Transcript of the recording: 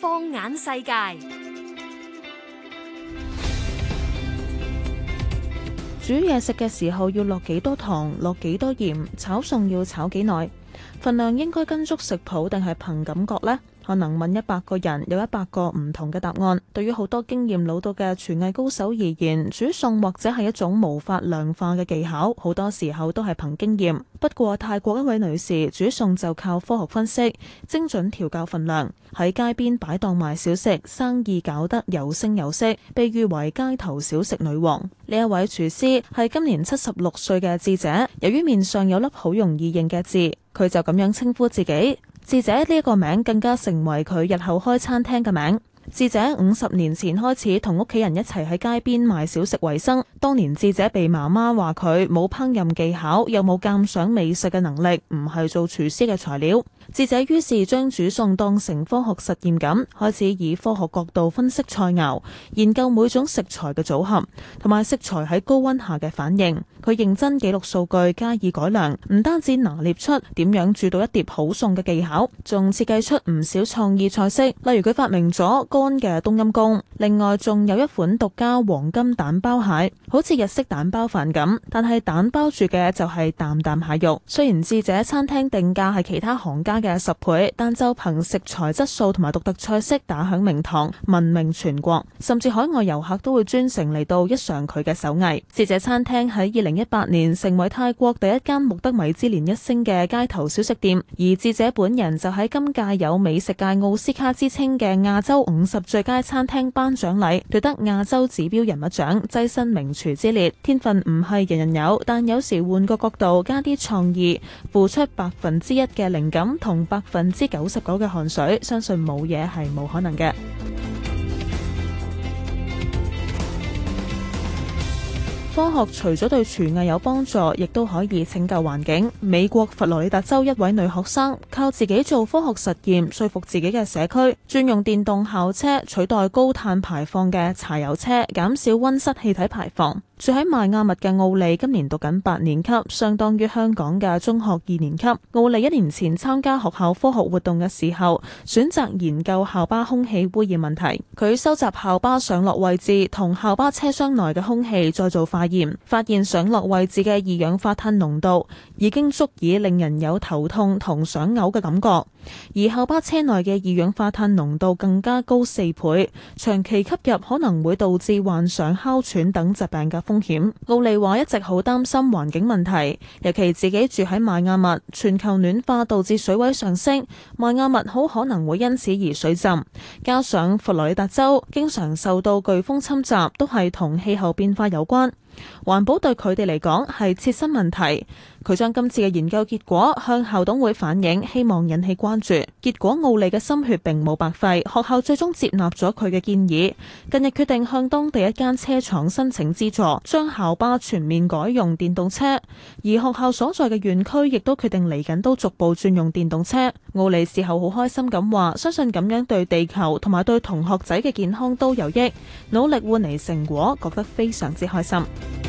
放眼世界，煮嘢食嘅時候要落幾多糖，落幾多鹽，炒餸要炒幾耐，份量應該跟足食譜定係憑感覺呢？可能問一百個人有一百個唔同嘅答案。對於好多經驗老到嘅廚藝高手而言，煮餸或者係一種無法量化嘅技巧，好多時候都係憑經驗。不過泰國一位女士煮餸就靠科學分析，精準調校份量，喺街邊擺檔賣小食，生意搞得有聲有色，被譽為街頭小食女王。呢一位廚師係今年七十六歲嘅痣姐，由於面上有粒好容易認嘅痣，佢就咁樣稱呼自己。智者呢個名更加成為佢日後開餐廳嘅名。智者五十年前開始同屋企人一齊喺街邊賣小食為生。當年智者被媽媽話佢冇烹飪技巧，又冇鑒賞美食嘅能力，唔係做廚師嘅材料。智者於是將煮餸當成科學實驗咁，開始以科學角度分析菜肴，研究每種食材嘅組合同埋食材喺高溫下嘅反應。佢認真記錄數據，加以改良，唔單止拿捏出點樣煮到一碟好餸嘅技巧，仲設計出唔少創意菜式。例如佢發明咗乾嘅冬陰功，另外仲有一款獨家黃金蛋包蟹，好似日式蛋包飯咁，但係蛋包住嘅就係啖啖蟹肉。雖然智者餐廳定價係其他行家嘅十倍，但就憑食材質素同埋獨特菜式打響名堂，聞名全國，甚至海外遊客都會專程嚟到一嘗佢嘅手藝。智者餐廳喺二零一八年成為泰國第一間獲得米芝蓮一星嘅街頭小食店，而智者本人就喺今屆有美食界奧斯卡之稱嘅亞洲五十最佳餐廳頒獎禮奪得亞洲指標人物獎躋身名廚之列。天分唔係人人有，但有時換個角度，加啲創意，付出百分之一嘅靈感同，用百分之九十九嘅汗水，相信冇嘢係冇可能嘅。科學除咗對廚藝有幫助，亦都可以拯救環境。美國佛羅里達州一位女學生靠自己做科學實驗，說服自己嘅社區，轉用電動校車取代高碳排放嘅柴油車，減少溫室氣體排放。住喺邁阿密嘅奧利今年讀緊八年級，相當於香港嘅中學二年級。奧利一年前參加學校科學活動嘅時候，選擇研究校巴空氣污染問題。佢收集校巴上落位置同校巴車廂內嘅空氣，再做化驗，發現上落位置嘅二氧化碳濃度已經足以令人有頭痛同想嘔嘅感覺。而校巴車內嘅二氧化碳濃度更加高四倍，長期吸入可能會導致患上哮喘等疾病嘅風險。奧利華一直好擔心環境問題，尤其自己住喺邁亞密，全球暖化導致水位上升，邁亞密好可能會因此而水浸。加上佛羅里達州經常受到颶風侵襲，都係同氣候變化有關。環保對佢哋嚟講係切身問題，佢將今次嘅研究結果向校董會反映，希望引起關注。結果奧利嘅心血並冇白費，學校最終接納咗佢嘅建議。近日決定向當地一間車廠申請資助，將校巴全面改用電動車，而學校所在嘅園區亦都決定嚟緊都逐步轉用電動車。奧利事後好開心咁話，相信咁樣對地球同埋對同學仔嘅健康都有益，努力換嚟成果，覺得非常之開心。